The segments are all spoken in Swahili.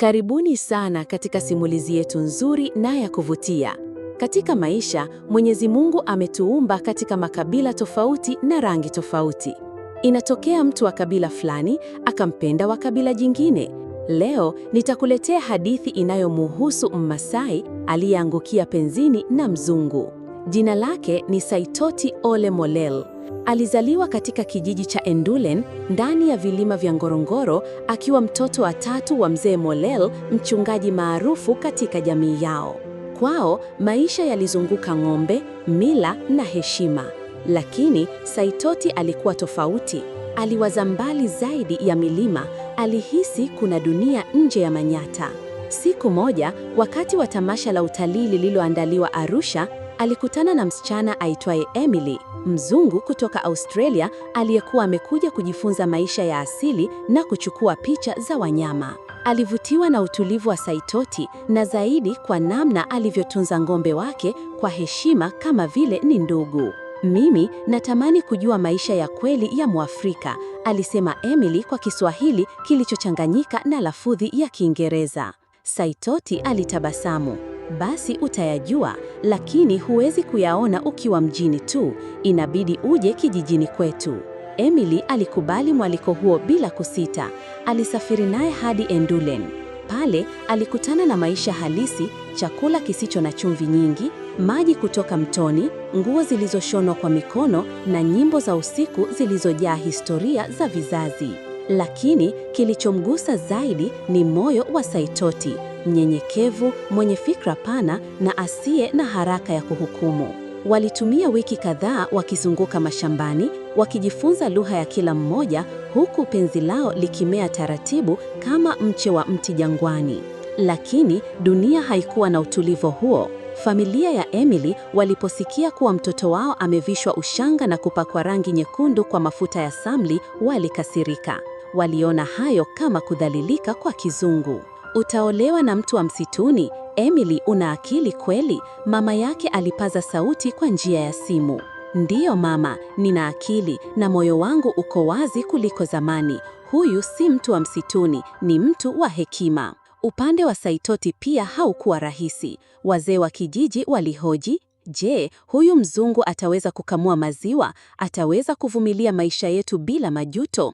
Karibuni sana katika simulizi yetu nzuri na ya kuvutia. Katika maisha, Mwenyezi Mungu ametuumba katika makabila tofauti na rangi tofauti. Inatokea mtu wa kabila fulani akampenda wa kabila jingine. Leo nitakuletea hadithi inayomuhusu Mmasai aliyeangukia penzini na mzungu. Jina lake ni Saitoti Ole Molel. Alizaliwa katika kijiji cha Endulen ndani ya vilima vya Ngorongoro akiwa mtoto wa tatu wa mzee Molel, mchungaji maarufu katika jamii yao. Kwao maisha yalizunguka ng'ombe, mila na heshima. Lakini Saitoti alikuwa tofauti. Aliwaza mbali zaidi ya milima, alihisi kuna dunia nje ya manyata. Siku moja, wakati wa tamasha la utalii lililoandaliwa Arusha, alikutana na msichana aitwaye Emily, mzungu kutoka Australia aliyekuwa amekuja kujifunza maisha ya asili na kuchukua picha za wanyama. Alivutiwa na utulivu wa Saitoti na zaidi kwa namna alivyotunza ng'ombe wake kwa heshima kama vile ni ndugu. Mimi natamani kujua maisha ya kweli ya Mwafrika, alisema Emily kwa Kiswahili kilichochanganyika na lafudhi ya Kiingereza. Saitoti alitabasamu basi utayajua, lakini huwezi kuyaona ukiwa mjini tu, inabidi uje kijijini kwetu. Emily alikubali mwaliko huo bila kusita. Alisafiri naye hadi Endulen. Pale alikutana na maisha halisi, chakula kisicho na chumvi nyingi, maji kutoka mtoni, nguo zilizoshonwa kwa mikono na nyimbo za usiku zilizojaa historia za vizazi. Lakini kilichomgusa zaidi ni moyo wa Saitoti mnyenyekevu, mwenye fikra pana na asiye na haraka ya kuhukumu. Walitumia wiki kadhaa wakizunguka mashambani, wakijifunza lugha ya kila mmoja, huku penzi lao likimea taratibu kama mche wa mti jangwani. Lakini dunia haikuwa na utulivu huo. Familia ya Emily waliposikia kuwa mtoto wao amevishwa ushanga na kupakwa rangi nyekundu kwa mafuta ya samli, walikasirika. Waliona hayo kama kudhalilika kwa kizungu. Utaolewa na mtu wa msituni? Emily, una akili kweli? Mama yake alipaza sauti kwa njia ya simu. Ndiyo mama, nina akili na moyo wangu uko wazi kuliko zamani. Huyu si mtu wa msituni, ni mtu wa hekima. Upande wa Saitoti pia haukuwa rahisi. Wazee wa kijiji walihoji, je, huyu mzungu ataweza kukamua maziwa? Ataweza kuvumilia maisha yetu bila majuto?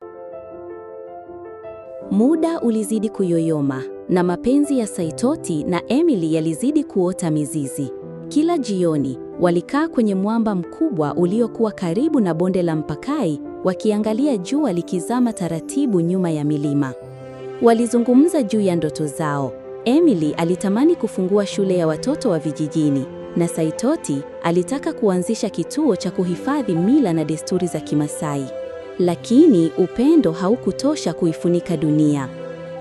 Muda ulizidi kuyoyoma na mapenzi ya Saitoti na Emily yalizidi kuota mizizi. Kila jioni walikaa kwenye mwamba mkubwa uliokuwa karibu na bonde la Mpakai, wakiangalia jua likizama taratibu nyuma ya milima. Walizungumza juu ya ndoto zao. Emily alitamani kufungua shule ya watoto wa vijijini na Saitoti alitaka kuanzisha kituo cha kuhifadhi mila na desturi za Kimasai lakini upendo haukutosha kuifunika dunia.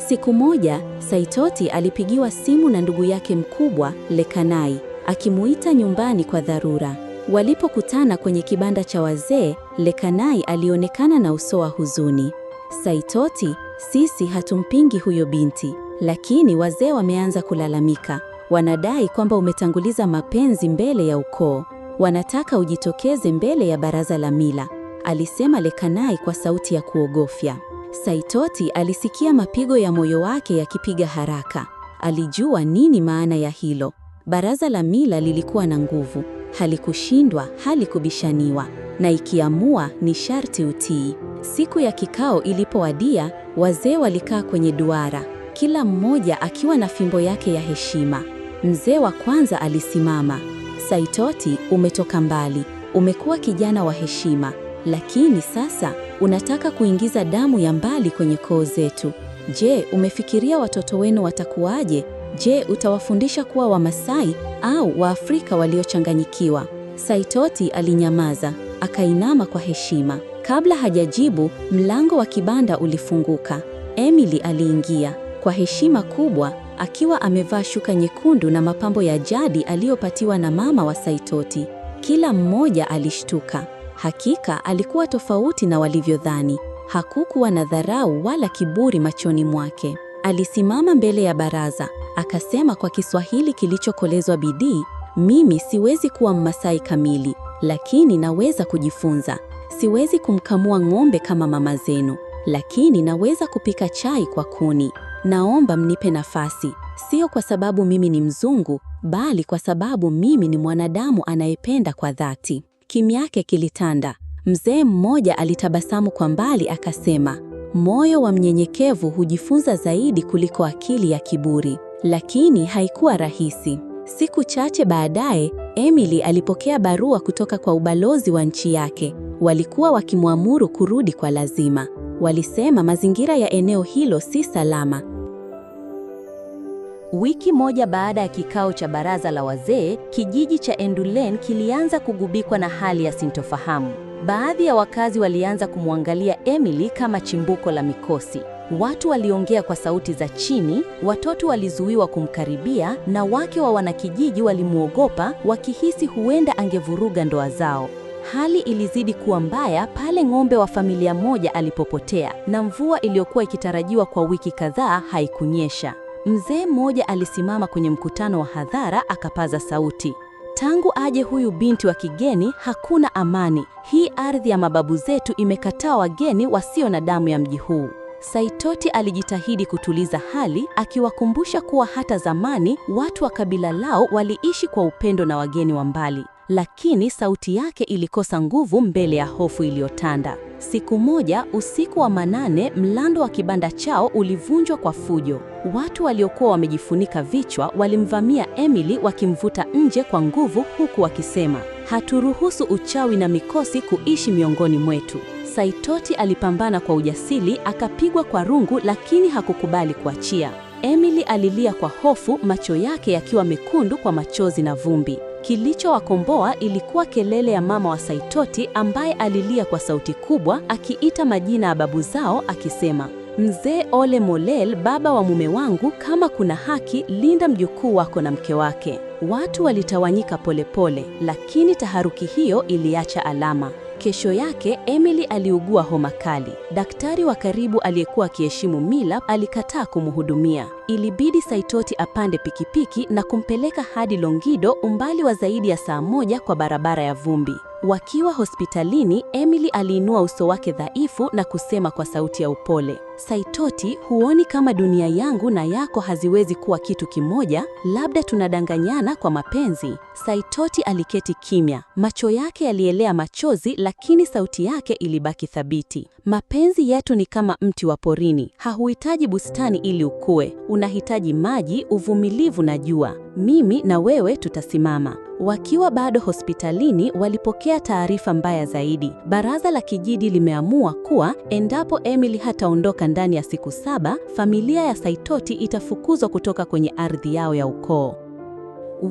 Siku moja, Saitoti alipigiwa simu na ndugu yake mkubwa Lekanai, akimuita nyumbani kwa dharura. Walipokutana kwenye kibanda cha wazee, Lekanai alionekana na uso wa huzuni. Saitoti, sisi hatumpingi huyo binti, lakini wazee wameanza kulalamika. Wanadai kwamba umetanguliza mapenzi mbele ya ukoo. Wanataka ujitokeze mbele ya baraza la mila alisema Lekanai kwa sauti ya kuogofya. Saitoti alisikia mapigo ya moyo wake yakipiga haraka. Alijua nini maana ya hilo. Baraza la mila lilikuwa na nguvu, halikushindwa, halikubishaniwa, na ikiamua ni sharti utii. Siku ya kikao ilipowadia, wazee walikaa kwenye duara, kila mmoja akiwa na fimbo yake ya heshima. Mzee wa kwanza alisimama. Saitoti, umetoka mbali, umekuwa kijana wa heshima, lakini sasa unataka kuingiza damu ya mbali kwenye koo zetu. Je, umefikiria watoto wenu watakuwaje? Je, utawafundisha kuwa Wamasai au Waafrika waliochanganyikiwa? Saitoti alinyamaza, akainama kwa heshima. Kabla hajajibu, mlango wa kibanda ulifunguka. Emily aliingia kwa heshima kubwa, akiwa amevaa shuka nyekundu na mapambo ya jadi aliyopatiwa na mama wa Saitoti. Kila mmoja alishtuka. Hakika alikuwa tofauti na walivyodhani. Hakukuwa na dharau wala kiburi machoni mwake. Alisimama mbele ya baraza akasema kwa Kiswahili kilichokolezwa bidii, mimi siwezi kuwa Mmasai kamili, lakini naweza kujifunza. Siwezi kumkamua ng'ombe kama mama zenu, lakini naweza kupika chai kwa kuni. Naomba mnipe nafasi, sio kwa sababu mimi ni mzungu, bali kwa sababu mimi ni mwanadamu anayependa kwa dhati. Kimya yake kilitanda. Mzee mmoja alitabasamu kwa mbali akasema, moyo wa mnyenyekevu hujifunza zaidi kuliko akili ya kiburi. Lakini haikuwa rahisi. Siku chache baadaye, Emily alipokea barua kutoka kwa ubalozi wa nchi yake. Walikuwa wakimwamuru kurudi kwa lazima. Walisema mazingira ya eneo hilo si salama Wiki moja baada ya kikao cha baraza la wazee, kijiji cha Endulen kilianza kugubikwa na hali ya sintofahamu. Baadhi ya wakazi walianza kumwangalia Emily kama chimbuko la mikosi. Watu waliongea kwa sauti za chini, watoto walizuiwa kumkaribia na wake wa wanakijiji walimwogopa, wakihisi huenda angevuruga ndoa zao. Hali ilizidi kuwa mbaya pale ng'ombe wa familia moja alipopotea na mvua iliyokuwa ikitarajiwa kwa wiki kadhaa haikunyesha. Mzee mmoja alisimama kwenye mkutano wa hadhara akapaza sauti, tangu aje huyu binti wa kigeni hakuna amani. Hii ardhi ya mababu zetu imekataa wageni wasio na damu ya mji huu. Saitoti alijitahidi kutuliza hali, akiwakumbusha kuwa hata zamani watu wa kabila lao waliishi kwa upendo na wageni wa mbali lakini sauti yake ilikosa nguvu mbele ya hofu iliyotanda. Siku moja usiku wa manane, mlango wa kibanda chao ulivunjwa kwa fujo. Watu waliokuwa wamejifunika vichwa walimvamia Emily, wakimvuta nje kwa nguvu, huku wakisema, haturuhusu uchawi na mikosi kuishi miongoni mwetu. Saitoti alipambana kwa ujasiri, akapigwa kwa rungu, lakini hakukubali kuachia. Emily alilia kwa hofu, macho yake yakiwa mekundu kwa machozi na vumbi. Kilichowakomboa ilikuwa kelele ya mama wa Saitoti ambaye alilia kwa sauti kubwa akiita majina ya babu zao akisema, Mzee Ole Molel, baba wa mume wangu, kama kuna haki, linda mjukuu wako na mke wake. Watu walitawanyika polepole, lakini taharuki hiyo iliacha alama. Kesho yake Emily aliugua homa kali. Daktari wa karibu aliyekuwa akiheshimu mila alikataa kumhudumia. Ilibidi Saitoti apande pikipiki na kumpeleka hadi Longido, umbali wa zaidi ya saa moja kwa barabara ya vumbi. Wakiwa hospitalini, Emily aliinua uso wake dhaifu na kusema kwa sauti ya upole, Saitoti, huoni kama dunia yangu na yako haziwezi kuwa kitu kimoja? Labda tunadanganyana kwa mapenzi. Saitoti aliketi kimya, macho yake yalielea machozi, lakini sauti yake ilibaki thabiti. Mapenzi yetu ni kama mti wa porini, hauhitaji bustani ili ukue. Unahitaji maji, uvumilivu na jua. Mimi na wewe tutasimama. Wakiwa bado hospitalini, walipokea taarifa mbaya zaidi. Baraza la kijiji limeamua kuwa endapo Emily hataondoka ndani ya siku saba, familia ya Saitoti itafukuzwa kutoka kwenye ardhi yao ya ukoo.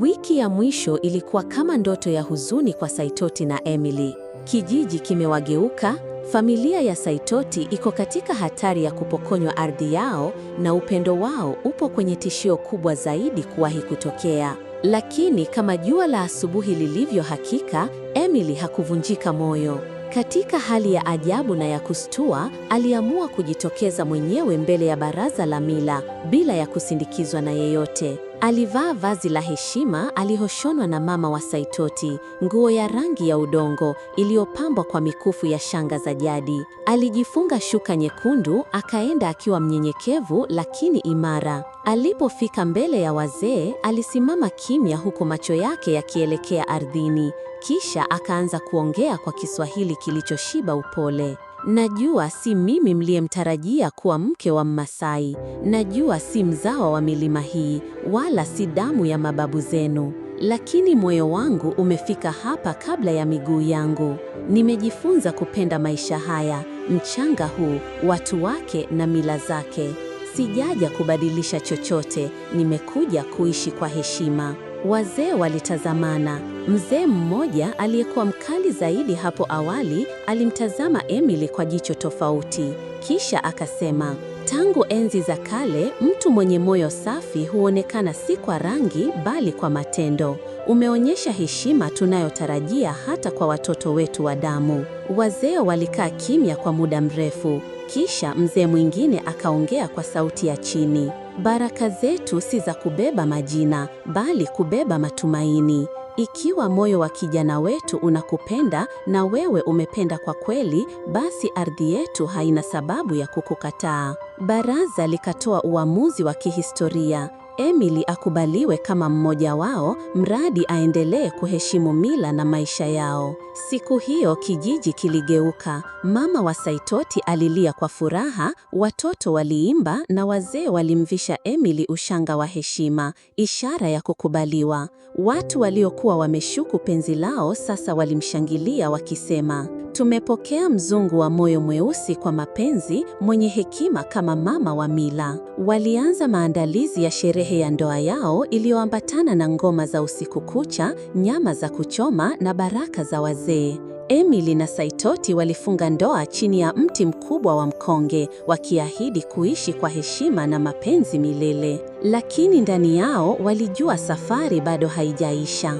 Wiki ya mwisho ilikuwa kama ndoto ya huzuni kwa Saitoti na Emily. Kijiji kimewageuka, familia ya Saitoti iko katika hatari ya kupokonywa ardhi yao na upendo wao upo kwenye tishio kubwa zaidi kuwahi kutokea. Lakini kama jua la asubuhi lilivyo hakika, Emily hakuvunjika moyo. Katika hali ya ajabu na ya kustua aliamua kujitokeza mwenyewe mbele ya baraza la mila bila ya kusindikizwa na yeyote. Alivaa vazi la heshima alihoshonwa na mama wa Saitoti, nguo ya rangi ya udongo iliyopambwa kwa mikufu ya shanga za jadi. Alijifunga shuka nyekundu, akaenda akiwa mnyenyekevu lakini imara. Alipofika mbele ya wazee, alisimama kimya huku macho yake yakielekea ardhini, kisha akaanza kuongea kwa Kiswahili kilichoshiba upole. Najua si mimi mliyemtarajia kuwa mke wa Mmasai. Najua si mzawa wa milima hii, wala si damu ya mababu zenu, lakini moyo wangu umefika hapa kabla ya miguu yangu. Nimejifunza kupenda maisha haya, mchanga huu, watu wake na mila zake. Sijaja kubadilisha chochote, nimekuja kuishi kwa heshima. Wazee walitazamana. Mzee mmoja aliyekuwa mkali zaidi hapo awali alimtazama Emily kwa jicho tofauti, kisha akasema, tangu enzi za kale mtu mwenye moyo safi huonekana si kwa rangi bali kwa matendo. Umeonyesha heshima tunayotarajia hata kwa watoto wetu wa damu. Wazee walikaa kimya kwa muda mrefu. Kisha mzee mwingine akaongea kwa sauti ya chini, baraka zetu si za kubeba majina, bali kubeba matumaini. Ikiwa moyo wa kijana wetu unakupenda na wewe umependa kwa kweli, basi ardhi yetu haina sababu ya kukukataa. Baraza likatoa uamuzi wa kihistoria. Emily akubaliwe kama mmoja wao, mradi aendelee kuheshimu mila na maisha yao. Siku hiyo kijiji kiligeuka. Mama wa Saitoti alilia kwa furaha, watoto waliimba na wazee walimvisha Emily ushanga wa heshima, ishara ya kukubaliwa. Watu waliokuwa wameshuku penzi lao sasa walimshangilia wakisema Tumepokea mzungu wa moyo mweusi kwa mapenzi, mwenye hekima kama mama wa mila. Walianza maandalizi ya sherehe ya ndoa yao iliyoambatana na ngoma za usiku kucha, nyama za kuchoma na baraka za wazee. Emily na Saitoti walifunga ndoa chini ya mti mkubwa wa mkonge, wakiahidi kuishi kwa heshima na mapenzi milele. Lakini ndani yao walijua safari bado haijaisha.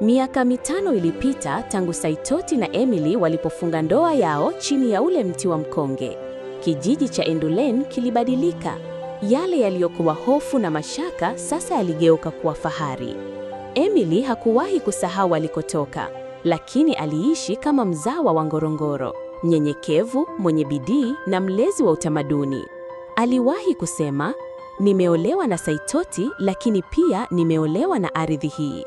Miaka mitano ilipita tangu Saitoti na Emily walipofunga ndoa yao chini ya ule mti wa mkonge. Kijiji cha Endulen kilibadilika. Yale yaliyokuwa hofu na mashaka sasa yaligeuka kuwa fahari. Emily hakuwahi kusahau alikotoka, lakini aliishi kama mzawa wa Ngorongoro, mnyenyekevu, mwenye bidii na mlezi wa utamaduni. Aliwahi kusema, nimeolewa na Saitoti, lakini pia nimeolewa na ardhi hii.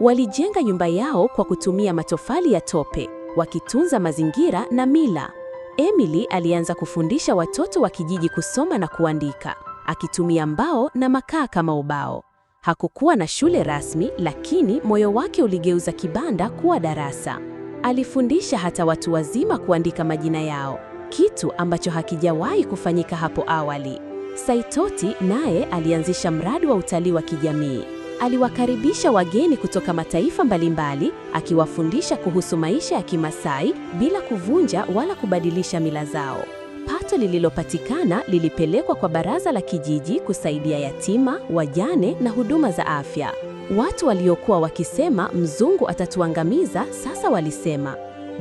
Walijenga nyumba yao kwa kutumia matofali ya tope, wakitunza mazingira na mila. Emily alianza kufundisha watoto wa kijiji kusoma na kuandika, akitumia mbao na makaa kama ubao. Hakukuwa na shule rasmi, lakini moyo wake uligeuza kibanda kuwa darasa. Alifundisha hata watu wazima kuandika majina yao, kitu ambacho hakijawahi kufanyika hapo awali. Saitoti naye alianzisha mradi wa utalii wa kijamii. Aliwakaribisha wageni kutoka mataifa mbalimbali, akiwafundisha kuhusu maisha ya Kimasai bila kuvunja wala kubadilisha mila zao. Pato lililopatikana lilipelekwa kwa baraza la kijiji kusaidia yatima, wajane na huduma za afya. Watu waliokuwa wakisema mzungu atatuangamiza sasa walisema,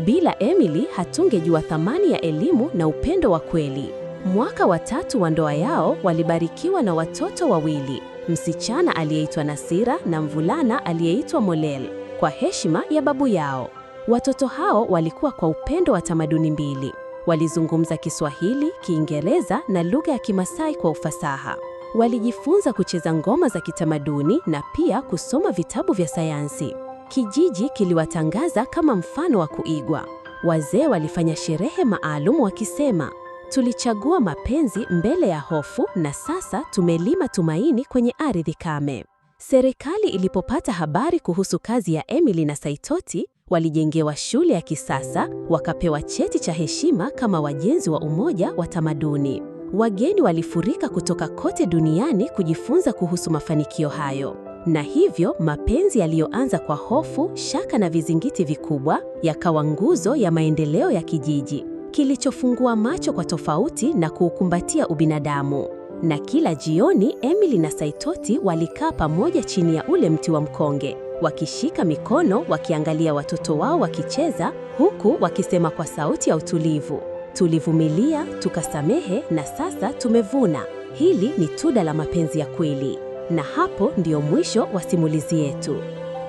bila Emily hatungejua thamani ya elimu na upendo wa kweli. Mwaka wa tatu wa ndoa yao walibarikiwa na watoto wawili msichana aliyeitwa Nasira na mvulana aliyeitwa Molel kwa heshima ya babu yao. Watoto hao walikuwa kwa upendo wa tamaduni mbili. Walizungumza Kiswahili, Kiingereza na lugha ya Kimasai kwa ufasaha. Walijifunza kucheza ngoma za kitamaduni na pia kusoma vitabu vya sayansi. Kijiji kiliwatangaza kama mfano wa kuigwa. Wazee walifanya sherehe maalum wakisema Tulichagua mapenzi mbele ya hofu na sasa tumelima tumaini kwenye ardhi kame. Serikali ilipopata habari kuhusu kazi ya Emily na Saitoti, walijengewa shule ya kisasa, wakapewa cheti cha heshima kama wajenzi wa umoja wa tamaduni. Wageni walifurika kutoka kote duniani kujifunza kuhusu mafanikio hayo. Na hivyo mapenzi yaliyoanza kwa hofu, shaka na vizingiti vikubwa yakawa nguzo ya maendeleo ya kijiji kilichofungua macho kwa tofauti na kuukumbatia ubinadamu. Na kila jioni Emily na Saitoti walikaa pamoja chini ya ule mti wa mkonge, wakishika mikono, wakiangalia watoto wao wakicheza, huku wakisema kwa sauti ya utulivu, tulivumilia, tukasamehe na sasa tumevuna. Hili ni tunda la mapenzi ya kweli. Na hapo ndio mwisho wa simulizi yetu.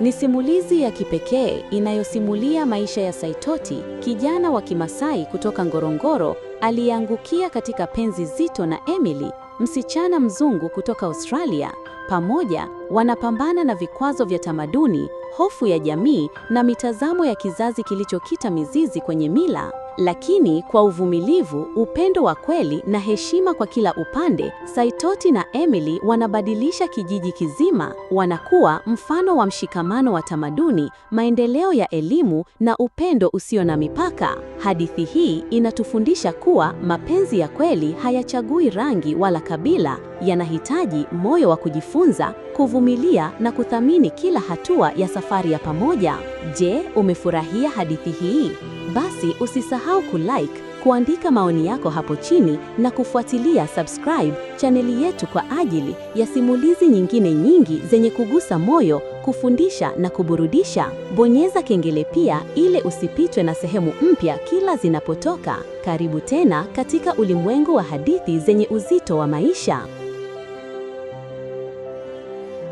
Ni simulizi ya kipekee inayosimulia maisha ya Saitoti, kijana wa Kimasai kutoka Ngorongoro aliyeangukia katika penzi zito na Emily, msichana mzungu kutoka Australia. Pamoja wanapambana na vikwazo vya tamaduni, hofu ya jamii na mitazamo ya kizazi kilichokita mizizi kwenye mila. Lakini kwa uvumilivu, upendo wa kweli na heshima kwa kila upande, Saitoti na Emily wanabadilisha kijiji kizima, wanakuwa mfano wa mshikamano wa tamaduni, maendeleo ya elimu na upendo usio na mipaka. Hadithi hii inatufundisha kuwa mapenzi ya kweli hayachagui rangi wala kabila, yanahitaji moyo wa kujifunza, kuvumilia na kuthamini kila hatua ya safari ya pamoja. Je, umefurahia hadithi hii? Basi usisahau kulike, kuandika maoni yako hapo chini na kufuatilia subscribe chaneli yetu kwa ajili ya simulizi nyingine nyingi zenye kugusa moyo, kufundisha na kuburudisha. Bonyeza kengele pia ili usipitwe na sehemu mpya kila zinapotoka. Karibu tena katika ulimwengu wa hadithi zenye uzito wa maisha.